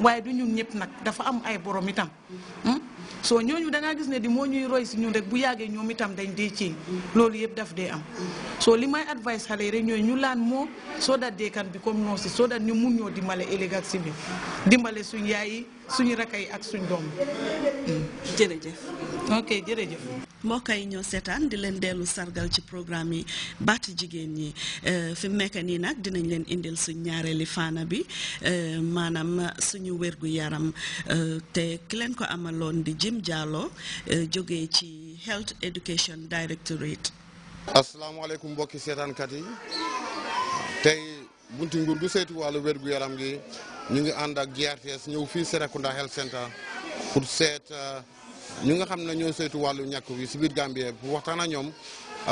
waaye du ñun ñëpp nag dafa am ay borom itam hmm? soo ñooñu dangaa gis ne di moo ñuy roy si ñun rek bu yàggee ñoom itam dañ dee ci loolu yëpp daf dee am soo li may advice xale yi rek ñooy ñu laan moo soo dat dee kan bi comme non si soo dat ñu mun ñoo dimbale ëllëg ak si dimbale suñ yaay yi suñu rakk yi ak suñ doom mm. jërëjë ok jërëjëf mbokk yi ñoo seetaan di leen dellu sargal ci programme yi baati jigéen ñi euh, fi mu nekk nii nag dinañ leen indil suñ ñaareeli faana bi euh, maanaam suñu wérgu yaram euh, te ki leen ko amaloon di Jim Jallow jógee ci Health Education Directorate asalaamaaleykum mbokki seetaankat yi tey bunti nguur du saytu wàllu wérgu yaram gi ñu ngi ànd ak GRTS ñëw fii Serekunda Health Center pour seet euh, ñu nga xam ne ñoo seetu wàllu ñàkk wi si biir Gambie pour waxtaan ak ñoom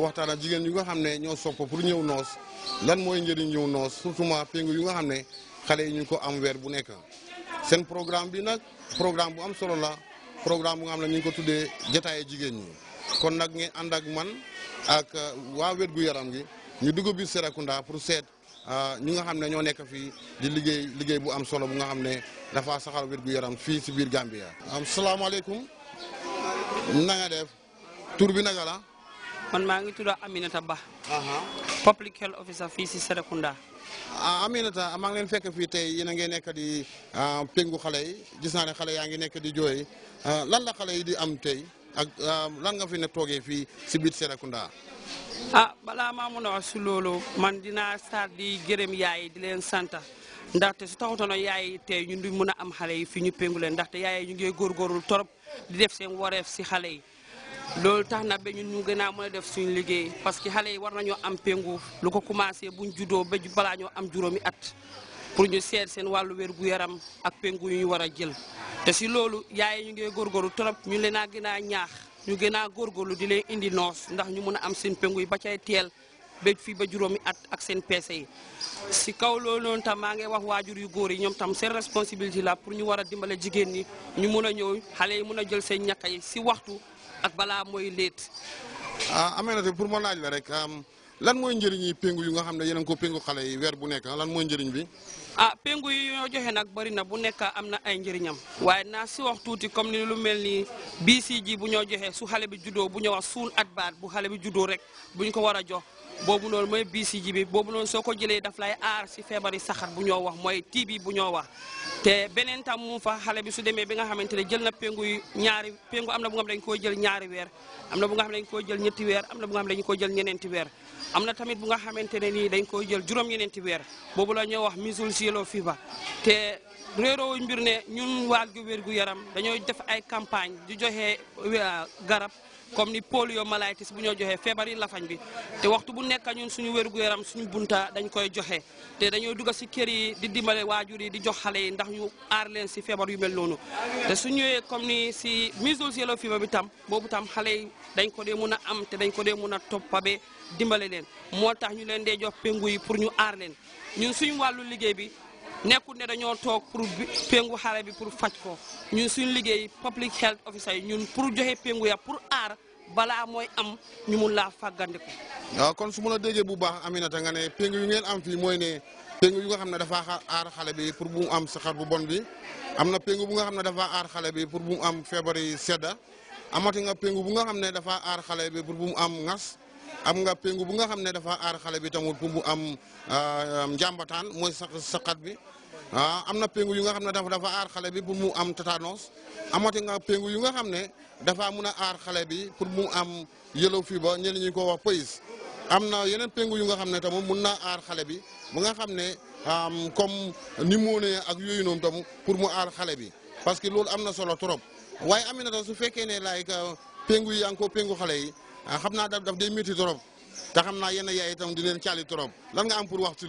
waxtaan ak jigéen yu nga xam ne ñoo sopp pour ñëw noos lan mooy njëriñ ñëw noos surtout ma péngu yu nga xam ne xale yi ñu ko am weer bu nekk. seen programme bi nag programme bu am solo la programme bu nga xam ne ñu ngi ko tuddee jotaayu jigéen ñu kon nag ngeen ànd ak man ak euh, waa wér gu yaram gi ñu dugg biir Serekunda pour seet. Ah, ñi nga xam ne ñoo nekk fii di liggéey liggéey bu am solo bu nga xam ne dafa saxal wér gu yaram fii si biir Gambia. am salaamaaleykum na nga def tur bi naka la. man maa ngi tudd Aminata Ba. public health officer fii si Serekunda. Ah, Aminata maa ngi fekk fii tey yéen a nekk di ah, péngu xale yi gis naa ne xale yaa ngi nekk di jooy lan la xale yi di am tey ak lan nga fi ne toogee fii si biir Serekunda. a ah, balaa ma mun a wax si loolu man dina start di gërëm yaay di leen santa ndaxte su taxutoon yaay tey ñun di mun a am xale yi fi ñu péngu leen ndaxte yaay ñu ngi góorgóorlu torop di def seen wareef si xale yi loolu tax na ba ñun ñu gën a mën a def suñu liggéey parce que xale yi war nañoo am péngu lu ko commencé buñ juddoo ba balaa ñoo am juróomi at pour ñu seet seen wàllu wér yaram ak péngu yu ñu war a jël te si loolu yaay ñu ngi góorgóorlu torop ñu leen a gën a ñaax. ñu gën a góorgóorlu di leen indi noos ndax ñu mun a am seen pengu yi ba cay teel ba fii ba juróomi at ak seen peese yi si kaw loolu tam maa ngi wax waajur yu góor yi ñoom tam seen responsabilité la pour ñu war a dimbale jigéen ñi ñu mun a ñëw xale yi mën a jël seen ñàkk yi si waxtu ak balaa mooy léet. ah amee na pour ma laaj la rek lan mooy njëriñ yi péngu yu nga xam ne yeneen ko péngu xale yi weer bu nekk lan mooy njëriñ bi ah péngu yi ñoo joxe nag bëri na bu nekk am na ay njëriñam waaye naa si wax tuuti comme ni lu mel ni si BCG bu ñoo joxe su xale bi juddoo bu ñoo a suun at baat bu xale bi juddoo rek bu ñu ko war a jox boobu noonu mooy BCG bi boobu noonu soo ko jëlee daf lay aar si feebari saxar bu ñoo wax mooy TB bu ñoo wax te beneen tam mu fa xale bi su demee bi nga xamante ne jël na péngu ñaari péngu am na bu nga xam ne dañ koo jël ñaari am na bu xam ne koo jël ñetti weer am na bu nga xam ne dañ koo jël ñeneenti weer am na tamit bu nga xamante ne nii dañ koo jël juróom ñeneenti weer boobu la ñoo wax misul silo fiba te réeroo mbir ne ñun waag gi wér gu yaram dañoo def ay campagne di joxe euh, garab comme ni poliomyélitis bu ñoo joxee feebar yi lafañ bi te waxtu bu nekk ñun suñu wérgu yaram suñu bunta dañ koy joxe te dañoo dugg si kër yi di dimbale waajur yi di jox xale yi ndax ñu aar leen si feebar yu mel noonu te su ñëwee comme ni si measles yellow fever bi tam boobu tam xale yi dañ ko dee mun a am te dañ ko dee mun a toppabe dimbale leen moo tax ñu leen de jox péngu yi pour ñu aar leen ñun suñu wàllu liggéey bi nekkul ne dañoo toog pour péngu xale bi pour faj ko ñun suñu liggéey public health officer yi ñun pour joxe péngu ya pour aar balaa mooy am ñu mun laa fàggandiku. waaw kon su ma la déggee bu baax Aminata nga ne péngu yu ngeen am mooy ne péngu nga xam ne dafa aar xale bi pour bu mu am saxaar bu bon bi am na péngu bu nga xam ne dafa aar xale bi pour bu am feebar yi sedda amati nga péngu bu nga xam ne dafa aar xale bi pour bu mu am ngas. am nga péngu bu nga xam ne dafa aar xale bi tamit pour bu am euh, njàmbataan mooy sa saqat bi ah am na péngu yu nga xam ne dafa dafa aar xale bi mu am tétanos amati nga péngu yu nga xam ne dafa mun a aar xale bi pour mu am yellow fever ñenn ñi ko wax pays am na yeneen péngu yu nga xam ne tamit mun na aar xale bi bu nga xam ne comme pneumonie ak yooyu noonu pour mu aar xale bi parce que loolu am na solo trop waaye Aminata su fekkee ne like euh, péngu yi yaa ngi xale yi. ah xam naa daf day métti trop te xam naa yenn yaay itam di leen caali trop lan nga am pour wax ci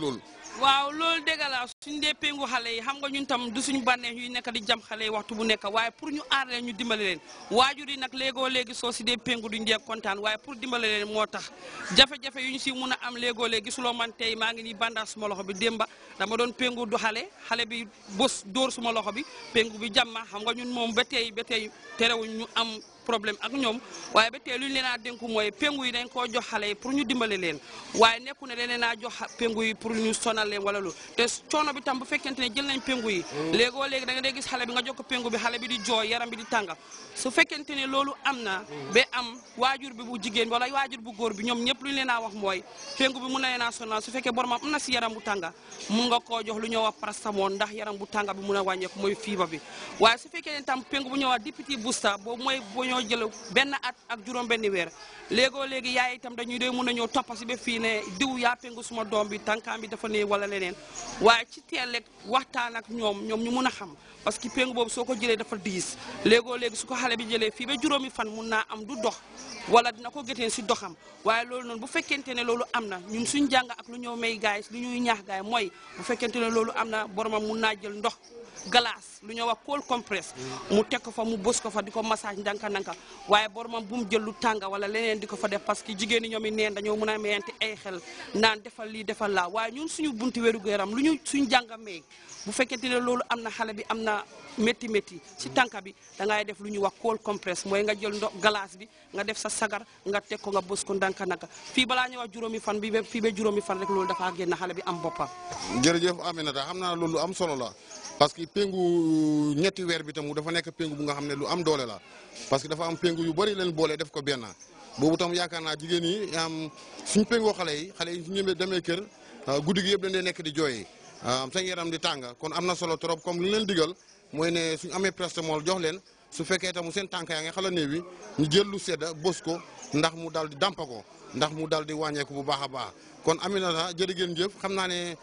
waaw loolu dëgg la suñ dee péngu xale yi xam nga ñun tam du suñu bànneex yuy nekk di jam xale yi waxtu bu nekk waaye pour ñu aar leen ñu dimbale leen waajur yi nag léegoo léegi soo si dee péngu duñ dee kontaan waaye pour dimbale leen moo tax jafe yu ñu si mun a am léegoo léegi su loo maa ngi nii bandage suma loxo bi démba dama doon péngu du xale bi bës dóor suma loxo bi péngu bi jàmm xam nga ñun moom ba tey ba tey terewuñ ñu am problème ak ñoom waaye ba tey lu ñu leen mooy péngu yi dañ koo jox xale yi pour ñu dimbale leen waaye nekku ne dañ leen a jox péngu yi pour ñu sonal leen wala lu te coono bi tam bu fekkente ne jël nañ péngu yi mm. léegoo léegi da nga dee gis xale bi nga jokk péngu bi xale bi di jooy yaram bi di tànga su fekkente ne loolu am na mm. ba am waajur bi bu jigéen bi wala waajur bu góor bi ñoom ñëpp lu ñu leen a wax mooy péngu bi mun na leen a su fekkee boromam am na si yaram bu tànga mun nga ko jox lu ñoo wax paracetamol ndax yaram bu tànga bi mun a wàññeeku mooy fiiba bi waaye su fekkee ne tam péngu bu ñoo wax dipiti busta boobu mooy boo ñoo jël benn at ak juróom benn weer léegoo léegi yaay itam dañuy doy mun a ñëw toppa si ba fii ne diw yaa péngu suma doom bi tànkaam bi dafa ne wala leneen teeleeg waxtaan ak ñoom ñoom ñu mun a xam parce que péngu boobu soo ko jëlee dafa diis léegoo léegi su ko xale bi jëlee fii ba juróomi fan mun naa am du dox wala dina ko géteen si doxam waaye loolu noon bu fekkente ne loolu am na ñun suñ jàng ak lu ñëw may gaay lu ñuy ñaax gaay mooy bu fekkente ne loolu am na boromam mun naa jël ndox galaas lu ñu wax cold compress mu tek fa mu bës ko fa diko massage ndanka ndanka waye boromam bu mu jël lu tanga wala leneen diko fa def parce que jigeen ñomi ñoom it neen dañoo ay xel naan defal li defal la. waye ñun suñu bunti wérugu yaram lu ñu suñu jangame bu fekkente ne lolu amna na bi amna metti metti ci tanka bi da ngay def lu ñu wax cold compress moy nga jël ndox glace bi nga def sa sagar nga tek ko nga bës ko ndanka fi bala ñu wax juromi fan bi fi be juromi fan rek lolu dafa genn xale bi am boppam jërëjëf Aminata xamna lolu am solo la parce que péngu euh, ñetti weer bi tam dafa nekk péngu bu nga xam ne lu am doole la parce que dafa am péngu yu bëri leen boole def ko benn boobu tam yaakaar naa jigéen yi am suñ péngoo xale yi xale yi su ñëwee demee kër ah, guddi yëpp dañ dee nekk di jooy seen yaram di tàng kon am na solo trop comme li leen digal mooy ne suñ amee mool jox leen su fekkee tam seen tànk yaa nga xala néewi ñu jël lu sedda bës ko ndax mu daal di dàmpa ko ndax mu daal di wàññeeku bu baax a baax kon Aminata jërëgéen jëf xam naa ne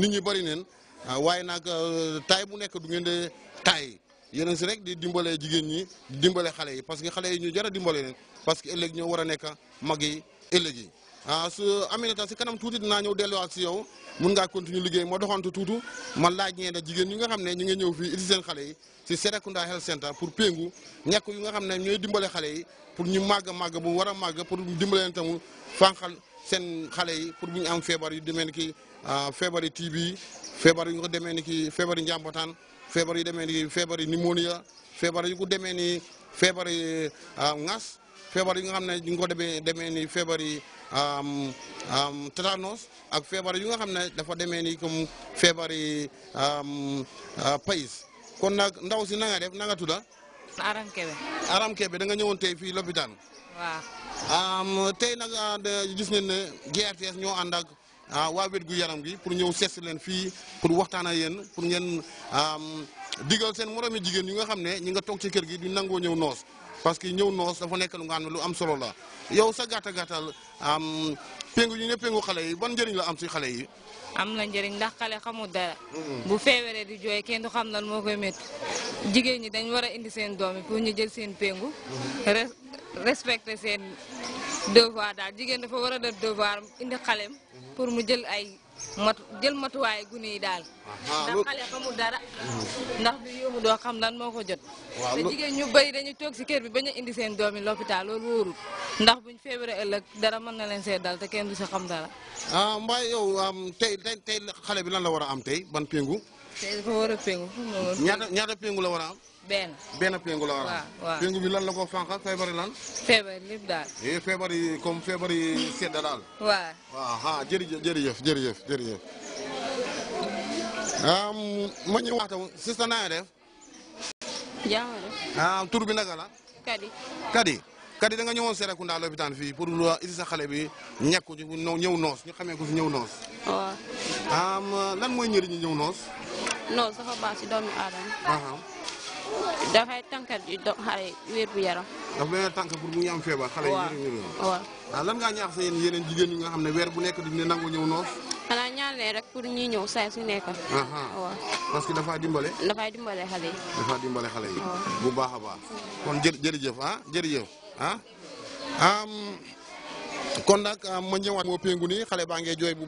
nit ñi bëri neen Ah, waaye nag euh, taay bu nekk du ngeen de taay yeneen si rek di dimbalee jigéen ñi di xale yi parce que xale yi ñu jar a dimbale leen parce que ëllëg ñoo war a nekk mag yi ëllëg yi ah su Aminata si kanam tuuti dinaa ñëw delluwaat si yow mun ngaa continuer liggéey ma doxantu tuutu ma laaj ñee na jigéen ñi nga xam ne ñu ngi ñëw fii indi seen xale yi si Serekunda Health Center pour péngu ñàkk yu nga xam ne ñu dimbale xale yi pour ñu màgg màgg bu war a màgg pour dimbaleen tamul fànqal seen xale yi pour bu ñu am feebar yu demee ni ki ah, feebar yi TB feebar yu ko demee ni ki feebar yi njàmbataan feebar yu demee ni feebar yi pneumonia feebar yu ko demee ni feebar yi ah, ŋas feebar yi nga xam ne ñu ngi ko demee demee ni feebar yi tétanos ak feebar yu nga xam ne dafa demee ni comme feebar yi ah, pays kon nag ndaw si na def na nga tudda Aram Kebe Aram Kebe da nga ñëwoon tey fii lopitaan waaw tey nag ah, gis ngeen ne GRTS ñoo ànd ak ah, waa wér gu yaram gi pour ñëw seet si leen fii pour waxtaan ak yéen pour ngeen digal seen moromi jigéen yi nga xam ne ñu nga toog ci kër gi du nangoo ñëw noos parce que ñëw noos dafa nekk lu nga xam ne lu am solo la yow sa gàtta gàttal péngu ñu ne péngu xale yi ban njëriñ la am si xale yi. am na njëriñ ndax xale xamul dara. Mm-hmm. bu feebaree di jooy kenn du xam lan moo koy métti jigéen ñi dañ war a indi seen doom yi pour ñu jël seen péngu. Mm-hmm. respecté seen devoir daal jigéen dafa war a def devoir indi xalem pour mu jël ay matu jël matuwaay gune yi daal ndax xale xamul dara ndax du yóbbu doo xam lan moo ko jot te jigéen ñu bay dañu toog si kër bi bañ indi seen doomi l'hôpital loolu wóorul ndax buñ feebaree ëllëg dara mën na leen seet dal te kenn du si xam dara ah mbaa yow tey tey tey xale bi lan la war a am tey ban péngu tey war a péngu ñaata ñaata la war am benn benn péngu la war a waaw péngu lan la ko fànq feebar yi lan. feebar lépp daal. eh feebar yi comme feebar yi sedd daal. waaw waaw ah, ah jërëjëf jërëjëf jërëjëf jërëjëf. ma ñu wax def. Ah, tur bi naka la. Kadi. Kadi Kadi da nga ñëwoon Serekunda lopitaan fii pour indi sa xale bi ñàkku ci ñëw noos ñu xamee ko fi ñëw noos. lan mooy njëriñu ñëw noos. noos dafa baax si doomu aadama. Ah, dafay tankal ya, di do xale wér bu yaram dafa leen tànk pour bu ñu am xale yi wér wér waaw lan ngaa ñaax sa yéen yeneen jigéen nga xam ne bu nekk duñ ne nangu ñëw noos xanaa ñaan leen rek pour ñi ñëw saa su nekk parce que xale yi xale yi bu a baax kon jë jërëjëf am kon ma xale bu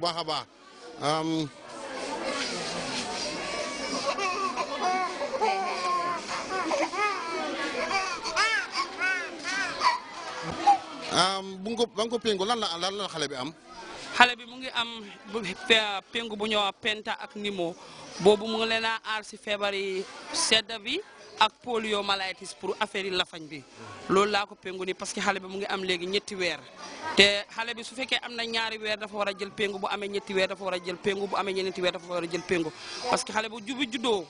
bu nga ko ba nga ko péngu lan lan la xale bi am. xale bi mu ngi am pengo bu ñëw penta ak nimo boobu mu ngi leen a aar si feebar yi sedda bi ak poliomyélitis pour affaire yi lafañ bi loolu laa ko péngu ni parce que xale bi mu ngi am léegi ñetti weer te xale bi su fekkee am na ñaari weer dafa war a jël péngu bu amee ñetti weer dafa war a jël péngu bu amee ñeenti weer dafa war a jël péngu parce que xale bu jubi juddoo